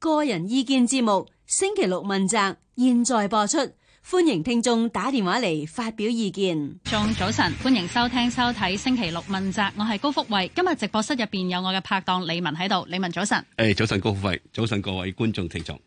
個人意見節目，星期六問責，現在播出。歡迎聽眾打電話嚟發表意見。眾早晨，歡迎收聽收睇星期六問責。我係高福慧，今日直播室入邊有我嘅拍檔李文喺度。李文早晨。誒、hey，早晨高福慧，早晨各位觀眾聽眾。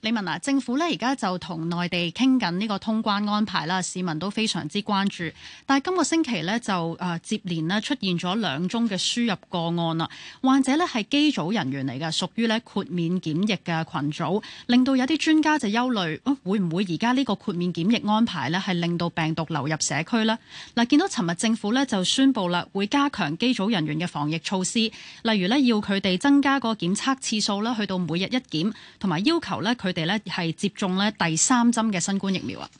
李文啊，政府咧而家就同內地傾緊呢個通關安排啦，市民都非常之關注。但係今個星期呢，就誒接連咧出現咗兩宗嘅輸入個案啦，患者呢係機組人員嚟嘅，屬於咧豁免檢疫嘅群組，令到有啲專家就憂慮，會唔會而家呢個豁免？檢疫安排咧，係令到病毒流入社區啦。嗱，見到尋日政府咧就宣佈啦，會加強機組人員嘅防疫措施，例如咧要佢哋增加個檢測次數啦，去到每日一檢，同埋要求咧佢哋咧係接種咧第三針嘅新冠疫苗啊。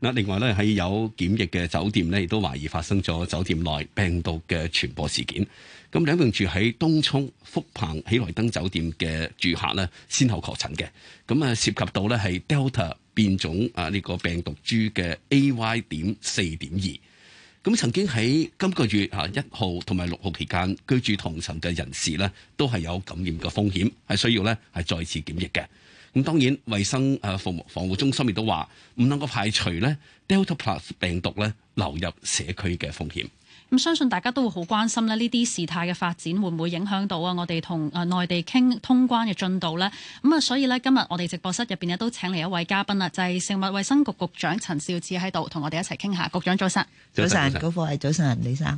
嗱，另外咧喺有檢疫嘅酒店咧，亦都懷疑發生咗酒店內病毒嘅傳播事件。咁兩名住喺東涌福朋喜來登酒店嘅住客咧，先後確診嘅，咁啊涉及到咧係 Delta。變種啊！呢個病毒株嘅 AY 點四點二，咁曾經喺今個月啊一號同埋六號期間居住同層嘅人士咧，都係有感染嘅風險，係需要咧係再次檢疫嘅。咁當然，衞生服防防護中心亦都話，唔能夠排除咧，Delta Plus 病毒咧流入社區嘅風險，咁相信大家都會好關心咧呢啲事態嘅發展會唔會影響到啊？我哋同啊內地傾通關嘅進度呢？咁啊所以呢，今日我哋直播室入邊咧都請嚟一位嘉賓啦，就係、是、食物衛生局局長陳肇始喺度同我哋一齊傾下。局長早晨，早晨，高科係早晨，李生，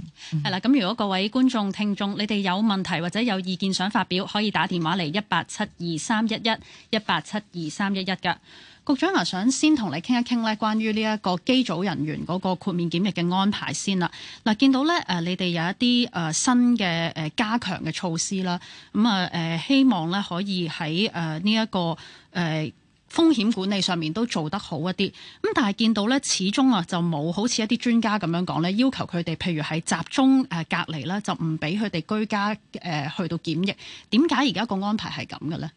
係、嗯、啦。咁如果各位觀眾聽眾，你哋有問題或者有意見想發表，可以打電話嚟一八七二三一一一八七二三一一嘅。局長啊，想先同你傾一傾咧，關於呢一個機組人員嗰個豁免檢疫嘅安排先啦。嗱，見到咧誒，你哋有一啲誒新嘅誒加強嘅措施啦。咁啊誒，希望咧可以喺誒呢一個誒風險管理上面都做得好一啲。咁但係見到咧，始終啊就冇好似一啲專家咁樣講咧，要求佢哋譬如喺集中誒隔離啦，就唔俾佢哋居家誒去到檢疫。點解而家個安排係咁嘅咧？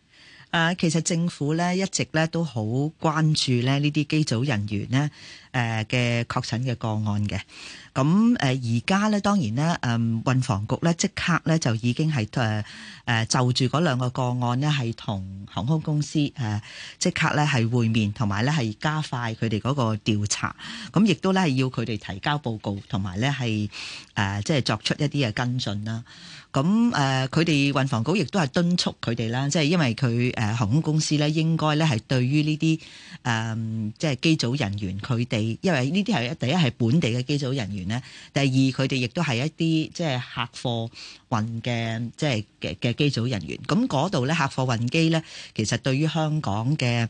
啊，其實政府咧一直咧都好關注咧呢啲機組人員呢誒嘅確診嘅個案嘅，咁而家咧當然咧誒運房局咧即刻咧就已經係誒就住嗰兩個個案呢係同航空公司誒即刻咧係會面，同埋咧係加快佢哋嗰個調查，咁亦都咧係要佢哋提交報告，同埋咧係誒即係作出一啲嘅跟進啦。咁誒，佢、呃、哋運房局亦都係敦促佢哋啦，即、就、係、是、因為佢誒航空公司咧，應該咧係對於呢啲誒，即、嗯、係、就是、機組人員佢哋，因為呢啲係第一係本地嘅機組人員咧，第二佢哋亦都係一啲即係客貨運嘅即係嘅嘅機組人員。咁嗰度咧客貨運機咧，其實對於香港嘅。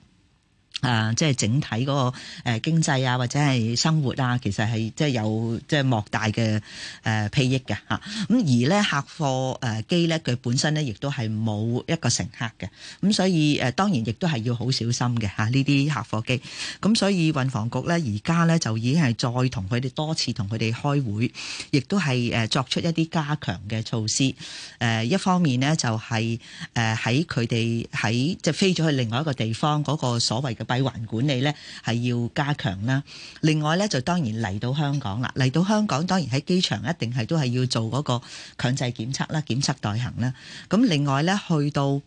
啊，即係整體嗰個誒經濟啊，或者係生活啊，其實係即係有即係莫大嘅誒裨益嘅吓，咁、啊、而咧客貨誒機咧，佢本身咧亦都係冇一個乘客嘅，咁、啊、所以誒、啊、當然亦都係要好小心嘅吓呢啲客貨機，咁、啊、所以運房局咧而家咧就已經係再同佢哋多次同佢哋開會，亦都係誒作出一啲加強嘅措施。誒、啊、一方面咧就係誒喺佢哋喺即係飛咗去另外一個地方嗰、那個、所謂嘅。閉環管理咧係要加強啦，另外咧就當然嚟到香港啦，嚟到香港當然喺機場一定係都係要做嗰個強制檢測啦、檢測代行啦。咁另外咧去到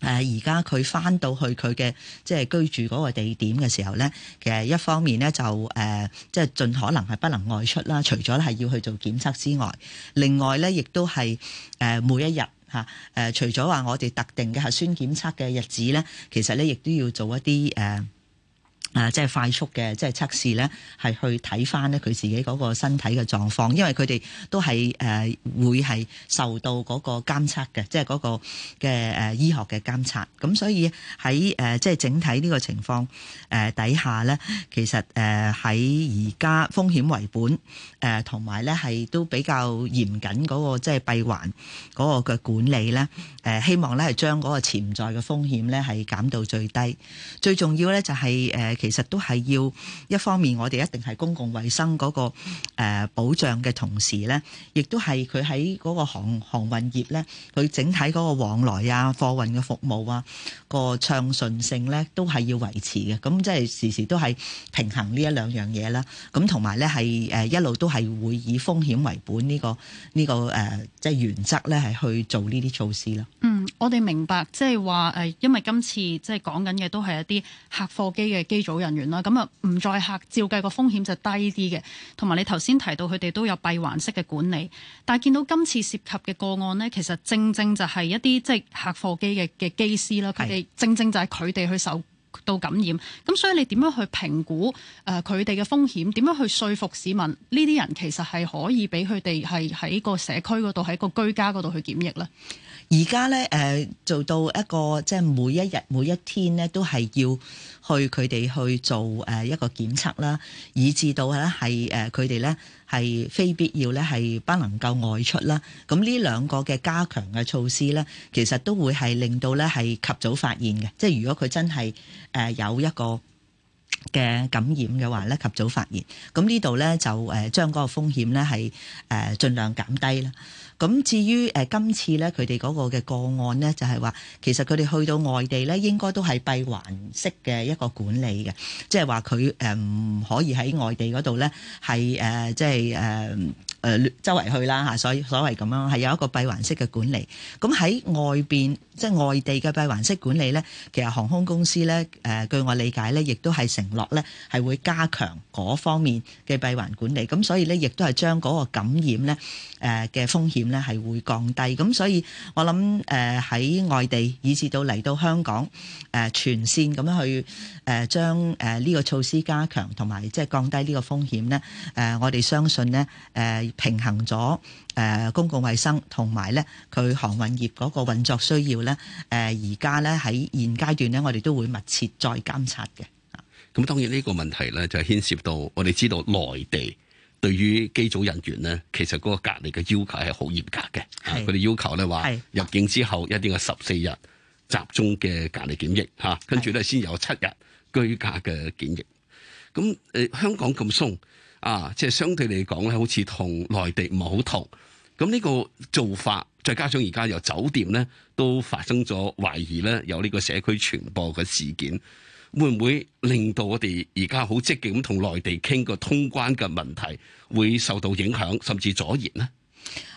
誒而家佢翻到去佢嘅即係居住嗰個地點嘅時候咧，其實一方面咧就誒即係盡可能係不能外出啦，除咗係要去做檢測之外，另外咧亦都係誒每一日。誒、除咗話，我哋特定嘅核酸檢測嘅日子咧，其實咧亦都要做一啲誒。啊，即係快速嘅，即係測試咧，係去睇返咧佢自己嗰個身體嘅狀況，因為佢哋都係誒、呃、會係受到嗰個監測嘅，即係嗰個嘅誒醫學嘅監測。咁所以喺誒即係整體呢個情況誒底下咧、呃，其實誒喺而家風險為本誒，同埋咧係都比較嚴謹嗰個即係閉環嗰個嘅管理咧、呃。希望咧係將嗰個潛在嘅風險咧係減到最低。最重要咧就係誒其實都係要一方面，我哋一定係公共衛生嗰、嗰個誒、呃、保障嘅同時咧，亦都係佢喺嗰個航航運業咧，佢整體嗰個往來啊、貨運嘅服務啊、嗰個暢順性咧，都係要維持嘅。咁即係時時都係平衡呢一兩樣嘢啦。咁同埋咧係誒一路都係會以風險為本、呢個呢個呃、呢個呢個誒即係原則咧係去做呢啲措施咯。嗯。我哋明白，即係話誒，因為今次即係講緊嘅都係一啲客貨機嘅機組人員啦，咁啊唔再客，照計個風險就低啲嘅。同埋你頭先提到佢哋都有閉環式嘅管理，但係見到今次涉及嘅個案呢，其實正正就係一啲即係客貨機嘅嘅機師啦，佢哋正正就係佢哋去受到感染。咁所以你點樣去評估誒佢哋嘅風險？點樣去說服市民？呢啲人其實係可以俾佢哋係喺個社區嗰度，喺個居家嗰度去檢疫呢？而家咧誒做到一個即係每一日每一天咧都係要去佢哋去做誒一個檢測啦，以至到咧係誒佢哋咧係非必要咧係不能夠外出啦。咁呢兩個嘅加強嘅措施咧，其實都會係令到咧係及早發現嘅。即係如果佢真係誒有一個嘅感染嘅話咧及早發現，咁呢度咧就誒將嗰個風險咧係誒盡量減低啦。咁至於誒今次咧佢哋嗰個嘅個案咧，就係話其實佢哋去到外地咧，應該都係閉環式嘅一個管理嘅，即係話佢誒唔可以喺外地嗰度咧係誒即係誒。呃即係呃誒周圍去啦嚇，所以所謂咁樣係有一個閉環式嘅管理。咁喺外邊，即係外地嘅閉環式管理呢，其實航空公司呢，誒據我理解呢，亦都係承諾呢，係會加強嗰方面嘅閉環管理。咁所以呢，亦都係將嗰個感染呢誒嘅風險呢，係會降低。咁所以，我諗誒喺外地以至到嚟到香港誒全線咁樣去。誒將誒呢個措施加強同埋即係降低呢個風險咧，誒我哋相信咧誒平衡咗誒公共衞生同埋咧佢航運業嗰個運作需要咧，誒而家咧喺現階段咧，我哋都會密切再監察嘅。咁當然呢個問題咧就牽涉到我哋知道內地對於機組人員呢，其實嗰個隔離嘅要求係好嚴格嘅。係佢哋要求咧話入境之後一定係十四日集中嘅隔離檢疫嚇，跟住咧先有七日，居家嘅檢疫，咁誒、呃、香港咁鬆啊，即係相對嚟講咧，好似同內地唔係好同。咁呢個做法，再加上而家有酒店咧都發生咗懷疑咧有呢個社區傳播嘅事件，會唔會令到我哋而家好積極咁同內地傾個通關嘅問題，會受到影響甚至阻延呢？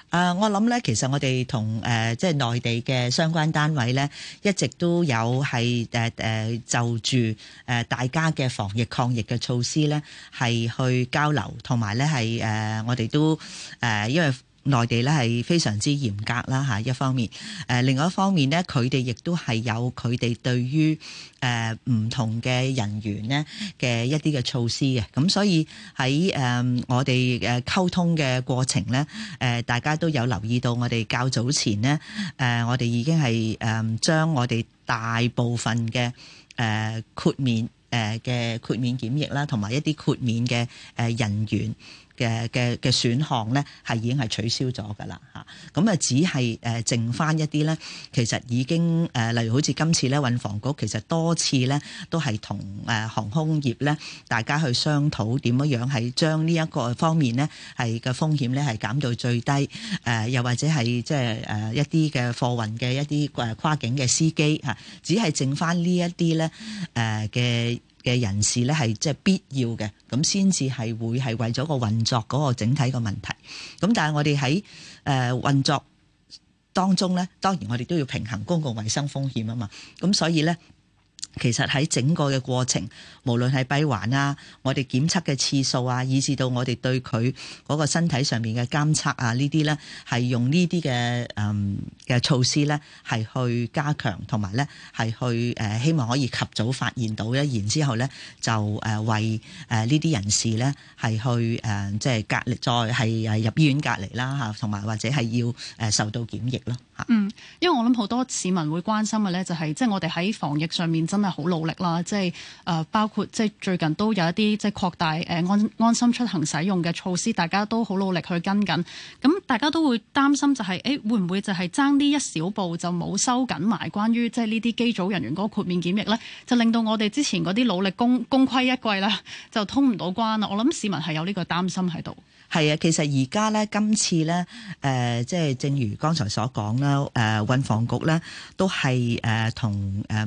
啊、呃，我諗咧，其實我哋同誒即係內地嘅相關單位咧，一直都有係誒、呃呃、就住誒、呃、大家嘅防疫抗疫嘅措施咧，係去交流，同埋咧係誒我哋都誒、呃、因為。內地咧係非常之嚴格啦嚇，一方面，誒另外一方面呢，佢哋亦都係有佢哋對於誒唔同嘅人員呢嘅一啲嘅措施嘅，咁所以喺誒我哋誒溝通嘅過程呢，誒大家都有留意到，我哋較早前呢，誒我哋已經係誒將我哋大部分嘅誒豁免誒嘅豁免檢疫啦，同埋一啲豁免嘅誒人員。嘅嘅嘅選項咧，係已經係取消咗噶啦嚇，咁啊只係誒剩翻一啲咧，其實已經誒，例如好似今次咧，運房局其實多次咧都係同誒航空業咧，大家去商討點樣樣係將呢一個方面咧係嘅風險咧係減到最低，誒又或者係即係誒一啲嘅貨運嘅一啲誒跨境嘅司機嚇，只係剩翻呢一啲咧誒嘅。嘅人士咧，係即係必要嘅，咁先至係會係為咗個運作嗰個整體嘅問題。咁但係我哋喺誒運作當中咧，當然我哋都要平衡公共衛生風險啊嘛。咁所以咧。其實喺整個嘅過程，無論係閉環啊，我哋檢測嘅次數啊，以至到我哋對佢嗰個身體上面嘅監測啊，這些呢啲咧係用呢啲嘅嗯嘅措施咧，係去加強同埋咧係去誒、呃、希望可以及早發現到咧，然之後咧就誒為誒呢啲人士咧係去誒即係隔離，再係誒入醫院隔離啦吓，同埋或者係要誒受到檢疫咯。嗯，因為我諗好多市民會關心嘅咧，就係即係我哋喺防疫上面真係好努力啦，即係誒包括即係最近都有一啲即係擴大誒安安心出行使用嘅措施，大家都好努力去跟緊。咁大家都會擔心就係、是、誒、欸、會唔會就係爭啲一小步就冇收緊埋關於即係呢啲機組人員嗰個豁免檢疫咧，就令到我哋之前嗰啲努力功功虧一簣啦，就通唔到關啦。我諗市民係有呢個擔心喺度。係啊，其實而家咧今次咧誒，即、呃、係正如剛才所講啦。誒、啊，運房局咧，都係誒同誒。啊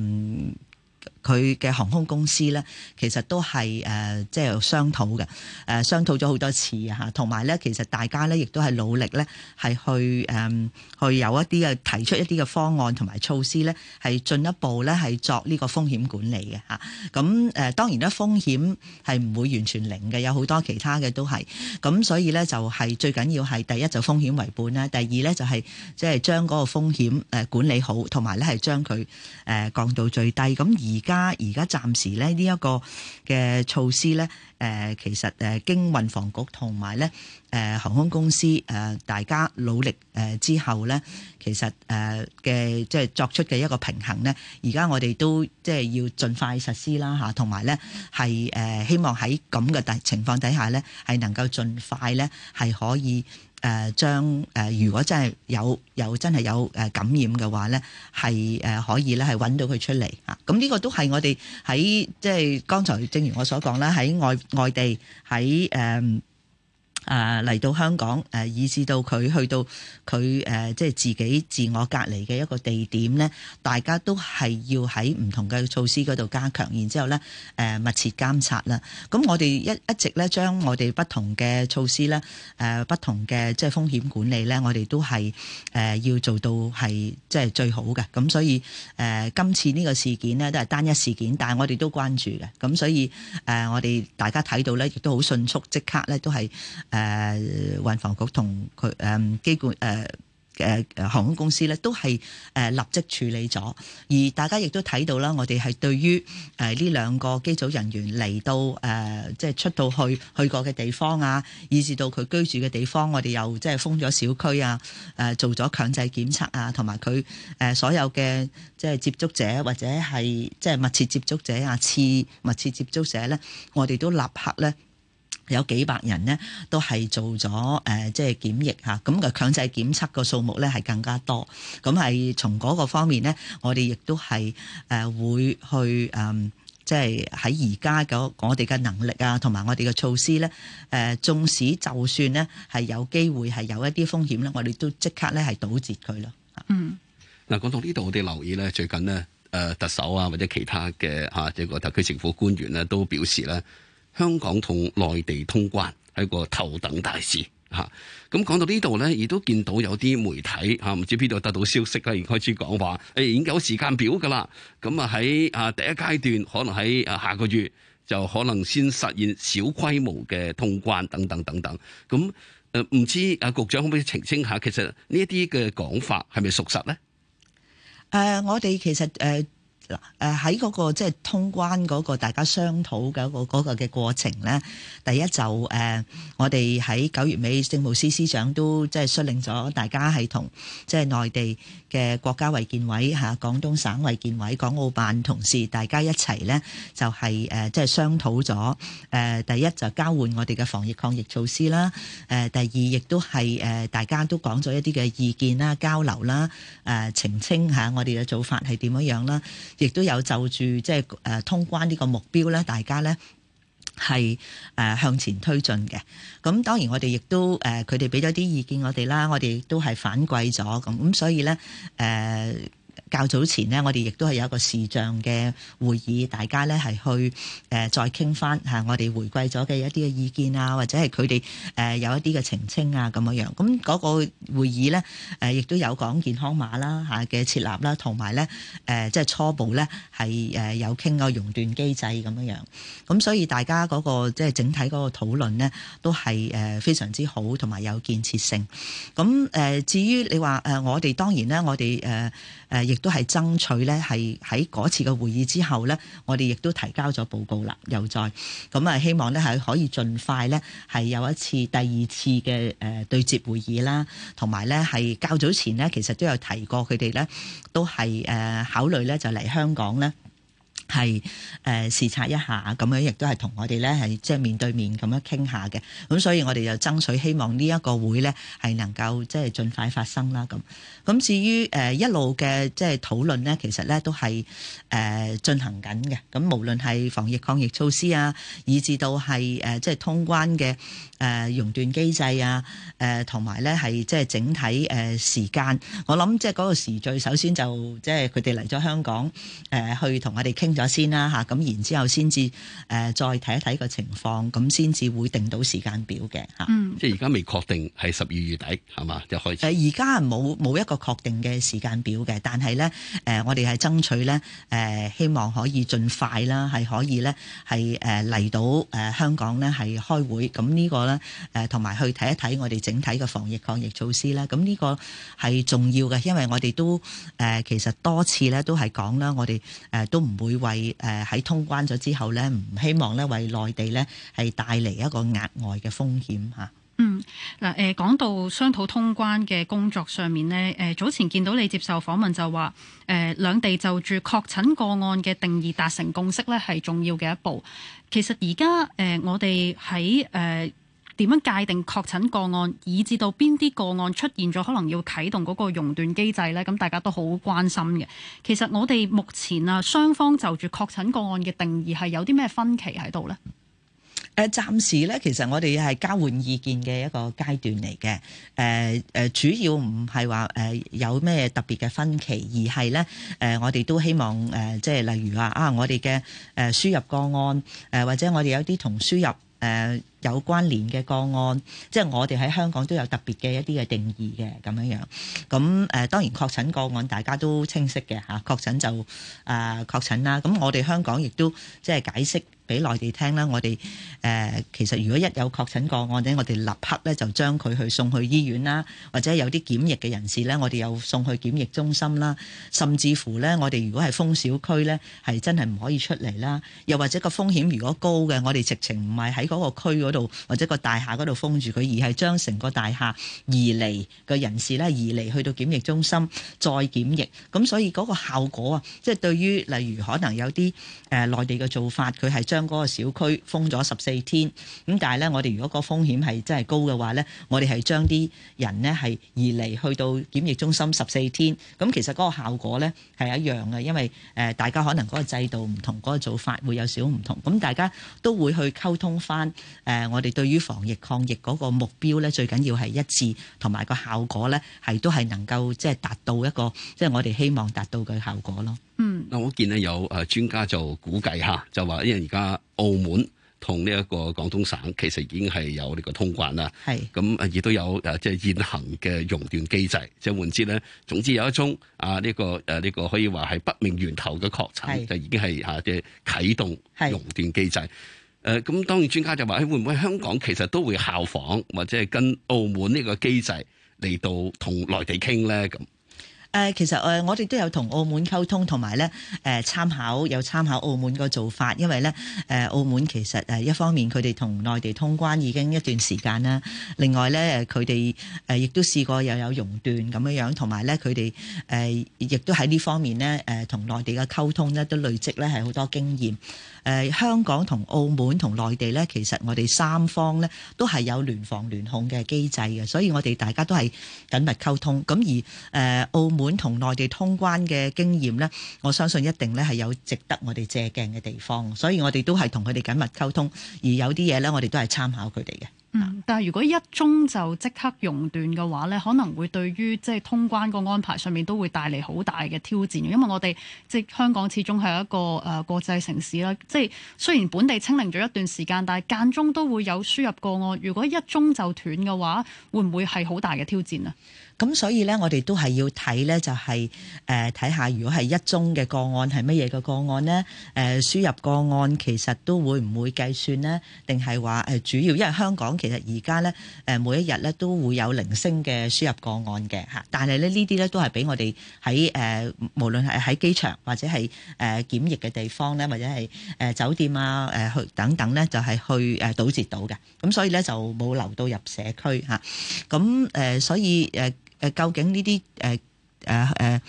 佢嘅航空公司咧，其實都係誒即係商討嘅，誒、呃、商討咗好多次啊！同埋咧，其實大家咧亦都係努力咧，係去誒、呃、去有一啲嘅提出一啲嘅方案同埋措施咧，係進一步咧係作呢個風險管理嘅吓，咁、啊、誒、呃、當然咧風險係唔會完全零嘅，有好多其他嘅都係咁，所以咧就係、是、最緊要係第一就風險為本啦，第二咧就係即係將嗰個風險誒、呃、管理好，同埋咧係將佢誒、呃、降到最低。咁而而家暫時咧呢一個嘅措施咧，誒，其實誒，經運防局同埋咧誒，航空公司誒，大家努力誒，之後咧，其實誒，嘅即係作出嘅一個平衡咧，而家我哋都即係要盡快實施啦吓，同埋咧係誒，希望喺咁嘅大情況底下咧，係能夠盡快咧係可以。誒將誒，如果真係有真有真係有誒感染嘅話咧，係誒、呃、可以咧，係揾到佢出嚟啊。咁呢個都係我哋喺即係剛才，正如我所講啦，喺外外地喺誒。誒嚟到香港，誒以至到佢去到佢，呃、即係自己自我隔離嘅一個地點咧，大家都係要喺唔同嘅措施嗰度加強。然之後咧誒、呃、密切監察啦。咁我哋一一直咧將我哋不同嘅措施咧誒、呃、不同嘅即係風險管理咧，我哋都係誒、呃、要做到係即係最好嘅。咁所以誒、呃、今次呢個事件咧都係單一事件，但係我哋都關注嘅。咁所以誒、呃、我哋大家睇到咧，亦都好迅速即刻咧都係。誒、呃、運房局同佢誒機管誒誒航空公司咧，都係誒、呃、立即處理咗。而大家亦都睇到啦，我哋係對於誒呢兩個機組人員嚟到誒、呃，即係出到去去過嘅地方啊，以至到佢居住嘅地方，我哋又即係封咗小區啊，誒、呃、做咗強制檢測啊，同埋佢誒所有嘅即係接觸者或者係即係密切接觸者啊，次密切接觸者咧，我哋都立刻咧。有幾百人呢都係做咗誒，即係檢疫嚇。咁嘅強制檢測個數目咧係更加多。咁係從嗰個方面呢，我哋亦都係誒會去誒，即係喺而家嘅我哋嘅能力啊，同埋我哋嘅措施咧，誒、呃，縱使就算咧係有機會係有一啲風險咧，我哋都即刻咧係堵截佢咯。嗯。嗱，講到呢度，我哋留意咧，最近呢誒特首啊或者其他嘅嚇，即個特區政府官員咧都表示咧。香港同內地通關係個頭等大事嚇，咁講到呢度呢，亦都見到有啲媒體嚇，唔知邊度得到消息咧，而開始講話誒已經有時間表噶啦，咁啊喺啊第一階段可能喺啊下個月就可能先實現小規模嘅通關等等等等，咁誒唔知啊局長可唔可以澄清下，其實呢一啲嘅講法係咪屬實呢？誒、呃，我哋其實誒。呃嗱、啊，誒喺嗰個即係通關嗰、那個大家商討嘅一嗰個嘅、那個、過程咧，第一就誒、啊，我哋喺九月尾政務司司長都即係率領咗大家係同即係內地嘅國家衛健委嚇、啊、廣東省衛健委、港澳辦同事大家一齊咧，就係誒即係商討咗誒、啊，第一就交換我哋嘅防疫抗疫措施啦，誒、啊、第二亦都係誒大家都講咗一啲嘅意見啦、交流啦、誒、啊、澄清下我哋嘅做法係點樣樣啦。亦都有就住即係誒通關呢個目標咧，大家咧係誒向前推進嘅。咁當然我哋亦都誒，佢哋俾咗啲意見我哋啦，我哋亦都係反饋咗咁，咁所以咧誒。呃較早前呢，我哋亦都係有一個視像嘅會議，大家呢係去再傾翻嚇，我哋回饋咗嘅一啲嘅意見啊，或者係佢哋有一啲嘅澄清啊咁樣樣。咁、咁、嗰個會議呢，亦都有講健康碼啦嚇嘅設立啦，同埋呢即係初步呢係有傾個熔斷機制咁樣樣。咁所以大家嗰個即係整體嗰個討論呢，都係非常之好同埋有建設性。咁至於你話我哋當然呢，我哋誒誒亦都係爭取呢，係喺嗰次嘅會議之後呢，我哋亦都提交咗報告啦，又再咁啊，希望呢係可以盡快呢係有一次第二次嘅誒對接會議啦，同埋呢係較早前呢，其實都有提過佢哋呢都係誒考慮呢就嚟香港呢。係誒、呃、視察一下咁樣也是跟，亦都係同我哋咧係即係面對面咁樣傾下嘅。咁所以我哋就爭取希望呢一個會咧係能夠即係盡快發生啦。咁咁至於誒、呃、一路嘅即係討論咧，其實咧都係誒進行緊嘅。咁無論係防疫抗疫措施啊，以至到係誒即係通關嘅誒、呃、熔斷機制啊，誒同埋咧係即係整體誒時間，我諗即係個時序，首先就即係佢哋嚟咗香港誒、呃、去同我哋傾咗。先啦吓，咁然之後先至誒再睇一睇個情況，咁先至會定到時間表嘅吓，嗯，即係而家未確定係十二月底係嘛？就開始誒而家冇冇一個確定嘅時間表嘅，但係咧誒我哋係爭取咧誒希望可以盡快啦，係可以咧係誒嚟到誒香港咧係開會，咁呢個咧誒同埋去睇一睇我哋整體嘅防疫抗疫措施啦。咁呢個係重要嘅，因為我哋都誒其實多次咧都係講啦，我哋誒都唔會。為誒喺、呃、通關咗之後呢，唔希望呢為內地呢係帶嚟一個額外嘅風險吓。嗯，嗱、呃、誒，講到商討通關嘅工作上面呢，誒、呃、早前見到你接受訪問就話，誒、呃、兩地就住確診個案嘅定義達成共識呢係重要嘅一步。其實而家誒我哋喺誒。呃點樣界定確診個案，以至到邊啲個案出現咗可能要啟動嗰個熔斷機制咧？咁大家都好關心嘅。其實我哋目前啊，雙方就住確診個案嘅定義係有啲咩分歧喺度呢？誒、呃，暫時咧，其實我哋係交換意見嘅一個階段嚟嘅。誒、呃、誒、呃，主要唔係話誒有咩特別嘅分歧，而係咧誒，我哋都希望誒、呃，即係例如話啊，啊，我哋嘅誒輸入個案，誒、呃、或者我哋有啲同輸入誒。呃有關連嘅個案，即係我哋喺香港都有特別嘅一啲嘅定義嘅咁樣樣。咁誒、呃、當然確診個案大家都清晰嘅嚇，確診就誒、呃、確診啦。咁我哋香港亦都即係解釋俾內地聽啦。我哋誒、呃、其實如果一有確診個案咧，我哋立刻咧就將佢去送去醫院啦，或者有啲檢疫嘅人士呢，我哋又送去檢疫中心啦。甚至乎呢，我哋如果係封小區呢，係真係唔可以出嚟啦。又或者個風險如果高嘅，我哋直情唔係喺嗰個區度或者個大廈嗰度封住佢，而係將成個大廈移離嘅人士咧，移離去到檢疫中心再檢疫。咁所以嗰個效果啊，即係對於例如可能有啲誒內地嘅做法，佢係將個小區封咗十四天。咁但係咧，我哋如果個風險係真係高嘅話咧，我哋係將啲人咧係移離去到檢疫中心十四天。咁其實嗰個效果咧係一樣嘅，因為誒大家可能個制度唔同，嗰個做法會有少唔同。咁大家都會去溝通翻誒。呃我哋對於防疫抗疫嗰個目標咧，最緊要係一致，同埋個效果咧，係都係能夠即係達到一個，即係我哋希望達到嘅效果咯。嗯，嗱，我見咧有誒專家就估計嚇，就話因為而家澳門同呢一個廣東省其實已經係有呢個通關啦，係咁亦都有誒即係現行嘅熔斷機制，即係換之咧，總之有一宗啊、呢、呢個誒呢、呢個可以話係不明源頭嘅確診，就已經係嚇即係啟動熔斷機制。誒、呃、咁，當然專家就話：誒會唔會香港其實都會效仿，或者係跟澳門呢個機制嚟到同內地傾咧？咁。誒其實誒我哋都有同澳門溝通，同埋咧誒參考有參考澳門個做法，因為咧誒澳門其實誒一方面佢哋同內地通關已經一段時間啦，另外咧佢哋誒亦都試過又有，有熔斷咁樣樣，同埋咧佢哋誒亦都喺呢方面咧誒同內地嘅溝通咧都累積咧係好多經驗。誒香港同澳門同內地咧，其實我哋三方咧都係有聯防聯控嘅機制嘅，所以我哋大家都係緊密溝通。咁而誒澳門本同內地通關嘅經驗呢，我相信一定呢係有值得我哋借鏡嘅地方，所以我哋都係同佢哋緊密溝通，而有啲嘢呢，我哋都係參考佢哋嘅。嗯，但係如果一中就即刻熔斷嘅話呢，可能會對於即係通關個安排上面都會帶嚟好大嘅挑戰，因為我哋即係香港始終係一個誒、呃、國際城市啦。即係雖然本地清零咗一段時間，但係間中都會有輸入個案。如果一中就斷嘅話，會唔會係好大嘅挑戰啊？咁所以咧，我哋都係要睇咧，就係誒睇下，呃、看看如果係一宗嘅個案係乜嘢嘅個案呢？誒、呃、輸入個案其實都會唔會計算呢？定係話主要，因為香港其實而家咧每一日咧都會有零星嘅輸入個案嘅嚇，但係咧呢啲咧都係俾我哋喺誒無論係喺機場或者係誒檢疫嘅地方咧，或者係、呃、酒店啊去、呃、等等咧，就係、是、去誒堵、呃、截到嘅。咁所以咧就冇留到入社區。咁誒、啊呃、所以、呃誒究竟呢啲誒誒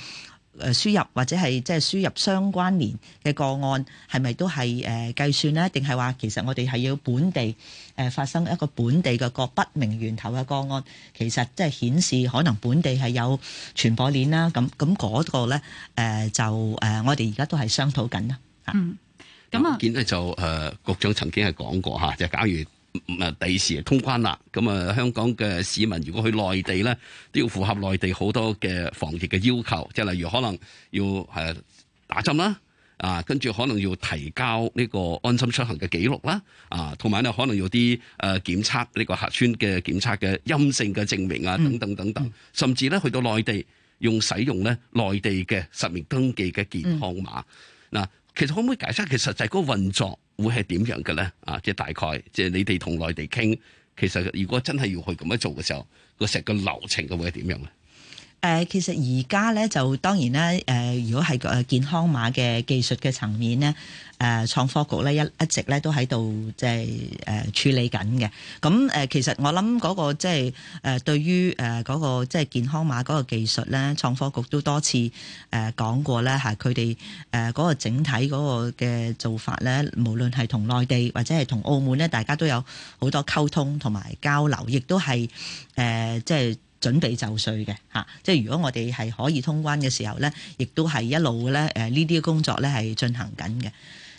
誒輸入或者係即係輸入相關連嘅個案係咪都係誒、呃、計算呢？定係話其實我哋係要本地誒發生一個本地嘅個不明源頭嘅個案，其實即係顯示可能本地係有傳播鏈啦。咁咁嗰個咧誒、呃、就誒、呃、我哋而家都係商討緊啦。嗯，咁啊，見咧就誒，局、呃、長曾經係講過嚇，就假如。唔唔，第時通關啦。咁啊，香港嘅市民如果去內地呢，都要符合內地好多嘅防疫嘅要求，即係例如可能要誒打針啦，啊，跟住可能要提交呢個安心出行嘅記錄啦，啊，同埋咧可能要啲誒、呃、檢測呢、呢個核酸嘅檢測嘅陰性嘅證明啊，等等等等，嗯、甚至呢，去到內地用使用咧內地嘅實名登記嘅健康碼，嗱、嗯。啊其實可唔可以解釋，其實就係個運作會係點樣嘅呢？啊，即大概，即你哋同內地傾，其實如果真係要去咁樣做嘅時候，個成個流程嘅會係點樣嘅呢？誒、呃，其實而家咧就當然咧，誒、呃，如果係誒健康碼嘅技術嘅層面咧，誒、呃，創科局咧一一直咧都喺度即係誒處理緊嘅。咁、嗯、誒、呃，其實我諗嗰、那個即係誒，對於誒嗰個即係健康碼嗰個技術咧，創科局都多次誒講、呃、過咧，嚇佢哋誒嗰個整體嗰個嘅做法咧，無論係同內地或者係同澳門咧，大家都有好多溝通同埋交流，亦都係誒即係。呃就是準備就緒嘅即係如果我哋係可以通關嘅時候咧，亦都係一路咧呢啲工作咧係進行緊嘅。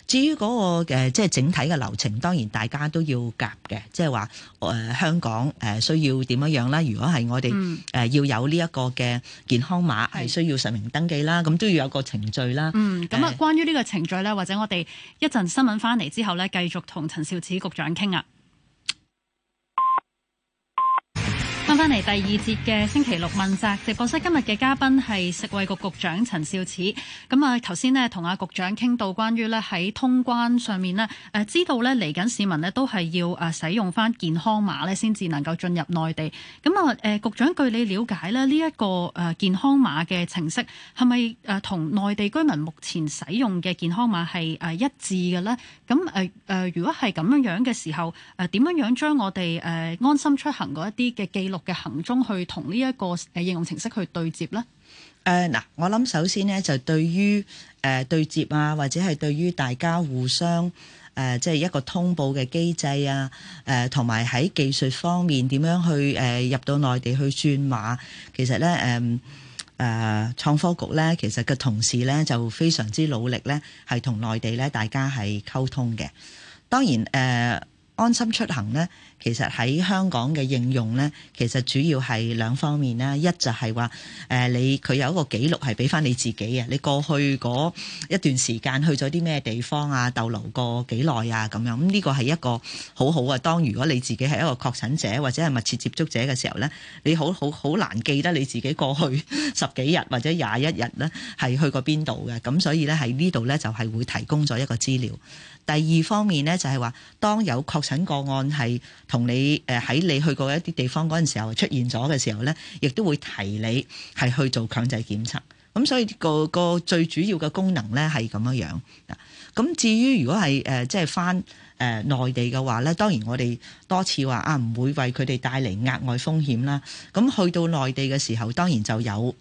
至於嗰、那個即係、呃、整體嘅流程，當然大家都要夾嘅，即係話、呃、香港需要點樣樣啦。如果係我哋、嗯呃、要有呢一個嘅健康碼，係需要實名登記啦，咁都要有個程序啦。嗯，咁啊，關於呢個程序咧、呃，或者我哋一陣新聞翻嚟之後咧，繼續同陳肇始局長傾啊。翻翻嚟第二節嘅星期六問責直播室，今日嘅嘉賓係食衛局局長陳肇始。咁啊，頭先咧同阿局長傾到關於咧喺通關上面咧，誒知道咧嚟緊市民咧都係要誒使用翻健康碼咧，先至能夠進入內地。咁啊，誒局長，據你了解咧，呢一個誒健康碼嘅程式係咪誒同內地居民目前使用嘅健康碼係誒一致嘅咧？咁誒誒，如果係咁樣樣嘅時候，誒點樣樣將我哋誒安心出行嗰一啲嘅記錄？嘅行蹤去同呢一個誒應用程式去對接啦，誒嗱，我諗首先呢，就對於誒、呃、對接啊，或者係對於大家互相誒即係一個通報嘅機製啊，誒同埋喺技術方面點樣去誒、呃、入到內地去轉碼，其實呢，誒、呃、誒創科局呢，其實嘅同事呢，就非常之努力呢，係同內地呢大家係溝通嘅。當然誒、呃、安心出行呢。其實喺香港嘅應用咧，其實主要係兩方面啦。一就係話，誒、呃、你佢有一個記錄係俾翻你自己，你過去嗰一段時間去咗啲咩地方啊，逗留過幾耐啊，咁樣。咁、這、呢個係一個很好好啊。當如果你自己係一個確診者或者係密切接觸者嘅時候咧，你好好好難記得你自己過去十幾日或者廿一日咧係去過邊度嘅。咁所以咧喺呢度咧就係會提供咗一個資料。第二方面呢，就係話，當有確診個案係同你誒喺你去過一啲地方嗰陣時候出現咗嘅時候呢，亦都會提你係去做強制檢測。咁所以個個最主要嘅功能呢係咁樣樣。咁至於如果係誒即係返誒內地嘅話呢，當然我哋多次話啊，唔會為佢哋帶嚟額外風險啦。咁去到內地嘅時候，當然就有。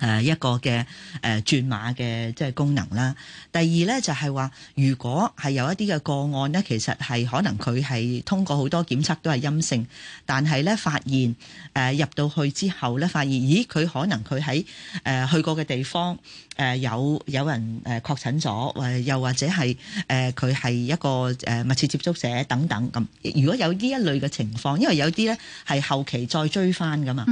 誒一個嘅誒轉碼嘅即係功能啦。第二呢，就係話，如果係有一啲嘅個案呢，其實係可能佢係通過好多檢測都係陰性，但係呢，發現誒入到去之後呢，發現咦佢可能佢喺誒去過嘅地方。誒、呃、有有人誒確診咗，又或者係誒佢係一個誒密切接觸者等等咁。如果有呢一類嘅情況，因為有啲咧係後期再追翻㗎嘛，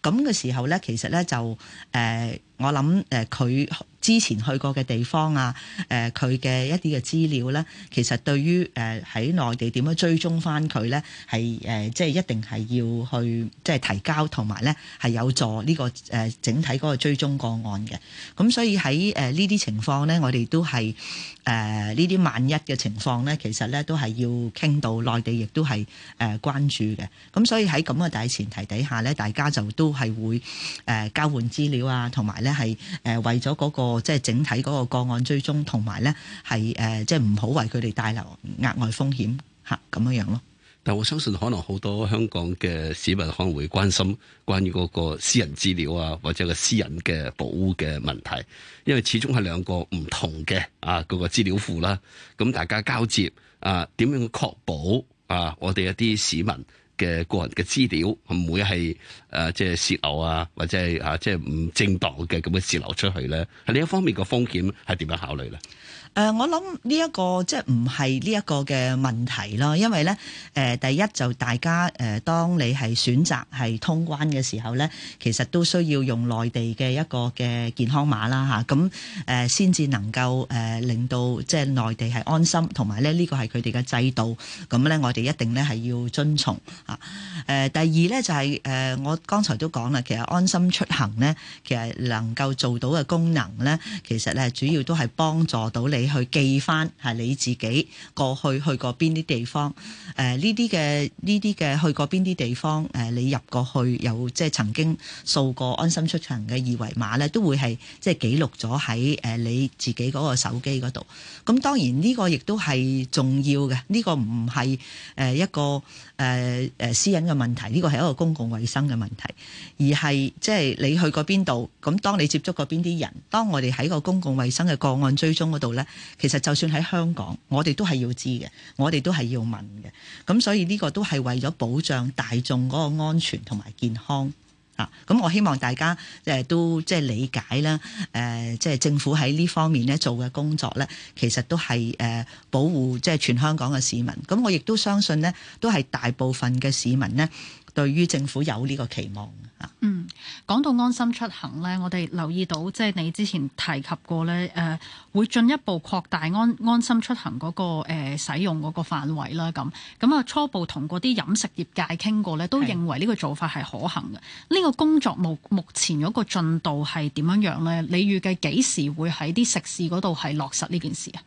咁、嗯、嘅時候咧，其實咧就誒、呃、我諗誒佢。之前去過嘅地方啊，誒佢嘅一啲嘅資料咧，其實對於誒喺內地點樣追蹤翻佢咧，係誒、呃、即係一定係要去即係提交，同埋咧係有助呢、這個誒、呃、整體個追蹤個案嘅。咁、嗯、所以喺誒、呃、呢啲情況咧，我哋都係誒呢啲萬一嘅情況咧，其實咧都係要傾到內地也是，亦都係誒關注嘅。咁、嗯、所以喺咁嘅大前提底下咧，大家就都係會誒、呃、交換資料啊，同埋咧係誒為咗、嗰個。即係整體嗰個個案追蹤，同埋咧係誒，即係唔好為佢哋帶來額外風險吓，咁樣樣咯。但我相信可能好多香港嘅市民可能會關心關於嗰個私人資料啊，或者個私人嘅保護嘅問題，因為始終係兩個唔同嘅啊，個資料庫啦，咁、啊、大家交接啊，點樣確保啊，我哋一啲市民。嘅個人嘅資料會唔會係誒即係泄露啊，或者係啊，即係唔正當嘅咁嘅泄露出去咧，係另一方面個風險係點樣考慮咧？誒、呃，我諗呢一個即係唔係呢一個嘅問題咯，因為咧誒、呃，第一就大家誒、呃，當你係選擇係通關嘅時候咧，其實都需要用內地嘅一個嘅健康碼啦嚇，咁誒先至能夠誒、呃、令到即係內地係安心，同埋咧呢、這個係佢哋嘅制度，咁咧我哋一定咧係要遵從嚇。誒、啊呃，第二咧就係、是、誒、呃，我剛才都講啦，其實安心出行咧，其實能夠做到嘅功能咧，其實咧主要都係幫助到你。去記翻係你自己過去去過邊啲地方？誒呢啲嘅呢啲嘅去過邊啲地方？誒、呃、你入過去有即係曾經掃過安心出場嘅二維碼咧，都會係即係記錄咗喺誒你自己嗰個手機嗰度。咁當然呢個亦都係重要嘅，呢、呢個唔係誒一個誒誒、呃、私隱嘅問題，呢個係一個公共衞生嘅問題，而係即係你去過邊度？咁當你接觸過邊啲人？當我哋喺個公共衞生嘅個案追蹤嗰度咧，其實就算喺香港，我哋都係要知嘅，我哋都係要問嘅。咁所以呢個都係為咗保障大眾嗰個安全同埋健康啊。咁我希望大家誒都即係理解啦。誒、呃，即係政府喺呢方面呢做嘅工作呢，其實都係誒保護即係全香港嘅市民。咁我亦都相信呢，都係大部分嘅市民呢。對於政府有呢個期望嗯，講到安心出行咧，我哋留意到即係你之前提及過咧，誒、呃、會進一步擴大安安心出行嗰個，呃、使用嗰個範圍啦。咁咁啊，初步同嗰啲飲食業界傾過咧，都認為呢個做法係可行嘅。呢個工作目目前嗰個進度係點樣樣咧？你預計幾時會喺啲食肆嗰度係落實呢件事啊？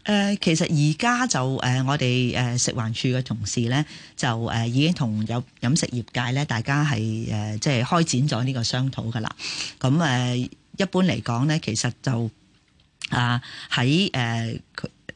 誒、呃，其實而家就誒、呃，我哋誒食環署嘅同事咧，就誒、呃、已經同有飲食業界咧，大家係誒、呃、即係開展咗呢個商討嘅啦。咁誒、呃、一般嚟講咧，其實就啊喺誒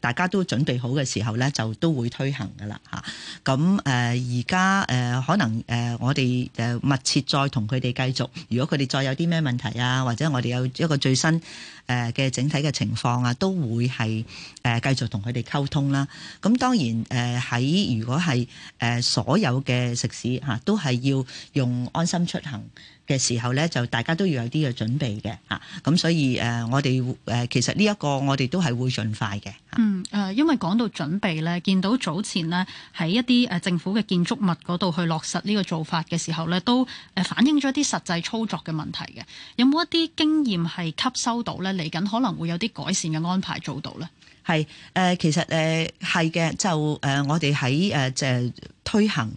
大家都準備好嘅時候咧，就都會推行嘅啦嚇。咁誒而家誒可能誒、呃、我哋誒密切再同佢哋繼續，如果佢哋再有啲咩問題啊，或者我哋有一個最新。誒嘅整體嘅情況啊，都會係誒繼續同佢哋溝通啦。咁當然誒喺、呃、如果係誒、呃、所有嘅食肆嚇都係要用安心出行嘅時候呢就大家都要有啲嘅準備嘅嚇。咁、啊、所以誒，我哋誒其實呢一個我哋都係會盡快嘅。嗯誒、呃，因為講到準備呢見到早前咧喺一啲誒政府嘅建築物嗰度去落實呢個做法嘅時候呢都誒反映咗啲實際操作嘅問題嘅。有冇一啲經驗係吸收到呢？嚟緊可能會有啲改善嘅安排做到咧，係誒、呃，其實誒係嘅，就誒、呃、我哋喺誒即係推行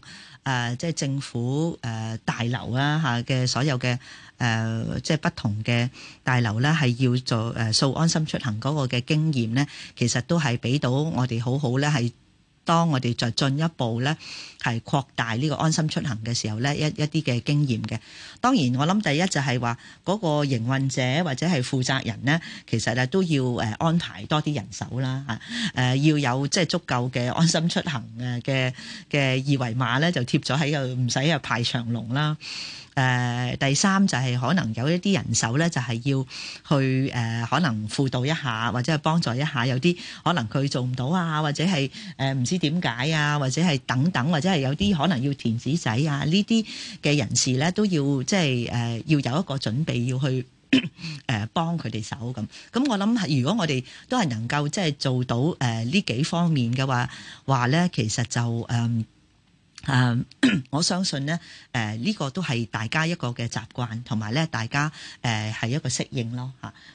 誒即係政府誒、呃、大樓啦嚇嘅所有嘅誒即係不同嘅大樓咧，係要做誒掃、呃、安心出行嗰個嘅經驗咧，其實都係俾到我哋好好咧係。當我哋再進一步咧，係擴大呢個安心出行嘅時候咧，一一啲嘅經驗嘅。當然，我諗第一就係話嗰個營運者或者係負責人咧，其實咧都要誒安排多啲人手啦嚇誒、呃，要有即係足夠嘅安心出行嘅嘅嘅二維碼咧，就貼咗喺度，唔使又排長龍啦。誒、呃，第三就係可能有一啲人手咧，就係、是、要去誒、呃，可能輔導一下或者係幫助一下有啲可能佢做唔到啊，或者係誒唔知。點解啊？或者係等等，或者係有啲可能要填紙仔啊？呢啲嘅人士咧，都要即係誒，要有一個準備，要去誒、 呃、幫佢哋手咁。咁我諗，如果我哋都係能夠即係、呃、做到誒呢、呃、幾方面嘅話，話咧其實就嗯。呃 我相信呢呢、呃呢個都係大家一個嘅習慣，同埋呢大家誒係、呃、一個適應咯，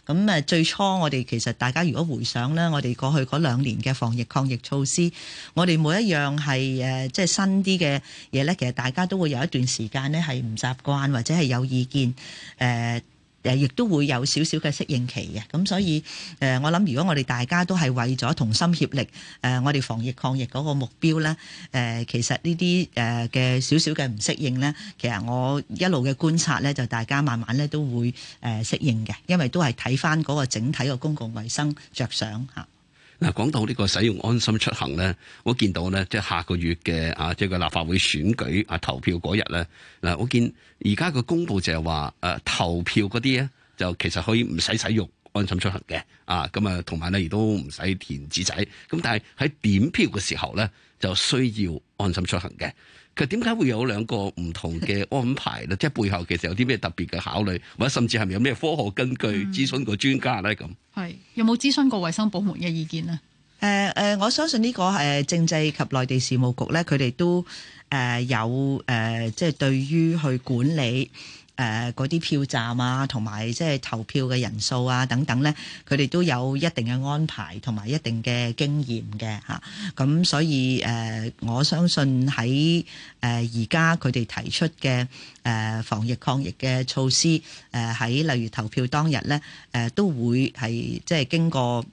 咁、啊、最初我哋其實大家如果回想呢，我哋過去嗰兩年嘅防疫抗疫措施，我哋每一樣係即係新啲嘅嘢呢，其實大家都會有一段時間呢係唔習慣或者係有意見誒。呃誒亦都會有少少嘅適應期嘅，咁所以誒、呃、我諗，如果我哋大家都係為咗同心協力，誒、呃、我哋防疫抗疫嗰個目標咧，誒、呃、其實呢啲誒嘅少少嘅唔適應咧，其實我一路嘅觀察咧，就大家慢慢咧都會誒適、呃、應嘅，因為都係睇翻嗰個整體嘅公共衛生着想，啊。嗱，講到呢個使用安心出行呢，我見到呢，即係下個月嘅啊，即係個立法會選舉啊投票嗰日呢，嗱，我見而家個公佈就係話，誒投票嗰啲呢，就其實可以唔使使用安心出行嘅，啊，咁啊，同埋呢，亦都唔使填紙仔，咁但係喺點票嘅時候呢，就需要安心出行嘅。其實點解會有兩個唔同嘅安排咧？ 即係背後其實有啲咩特別嘅考慮，或者甚至係咪有咩科學根據諮詢、嗯、過專家咧？咁係有冇諮詢過衛生部門嘅意見咧？誒、呃、誒、呃，我相信呢個誒政制及內地事務局咧，佢哋都誒有誒，即、呃、係、就是、對於去管理。誒嗰啲票站啊，同埋即係投票嘅人數啊，等等咧，佢哋都有一定嘅安排同埋一定嘅經驗嘅嚇，咁、啊、所以誒、呃，我相信喺誒而家佢哋提出嘅誒、呃、防疫抗疫嘅措施，誒、呃、喺例如投票當日咧，誒、呃、都會係即係經過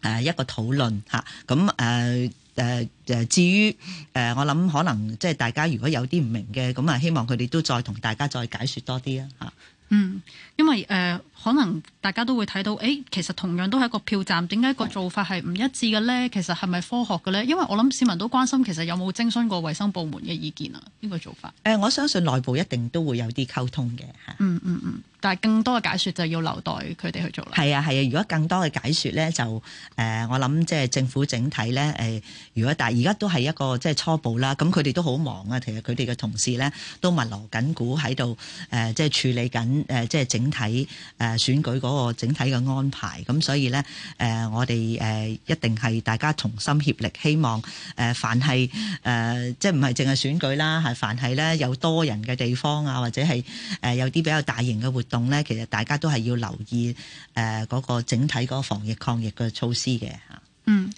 誒一個討論嚇，咁、啊、誒。呃誒、呃、誒，至於誒、呃，我諗可能即係大家如果有啲唔明嘅，咁啊，希望佢哋都再同大家再解說多啲啊嚇。嗯，因為誒。呃可能大家都會睇到，誒、欸，其實同樣都係一個票站，點解個做法係唔一致嘅咧？其實係咪科學嘅咧？因為我諗市民都關心，其實有冇徵詢過衞生部門嘅意見啊？呢、這個做法誒、呃，我相信內部一定都會有啲溝通嘅，嗯嗯嗯，但係更多嘅解説就是要留待佢哋去做啦。係啊係啊，如果更多嘅解説咧，就誒、呃、我諗即係政府整體咧誒、呃，如果但係而家都係一個即係、就是、初步啦，咁佢哋都好忙啊，其實佢哋嘅同事咧都密鑼緊鼓喺度誒，即、呃、係、就是、處理緊誒，即、呃、係、就是、整體誒。呃誒選舉嗰個整體嘅安排，咁所以呢，誒、呃、我哋誒、呃、一定係大家同心協力，希望誒、呃、凡係誒、呃、即係唔係淨係選舉啦，係凡係呢有多人嘅地方啊，或者係誒有啲比較大型嘅活動呢，其實大家都係要留意誒嗰個整體嗰個防疫抗疫嘅措施嘅嚇。嗯。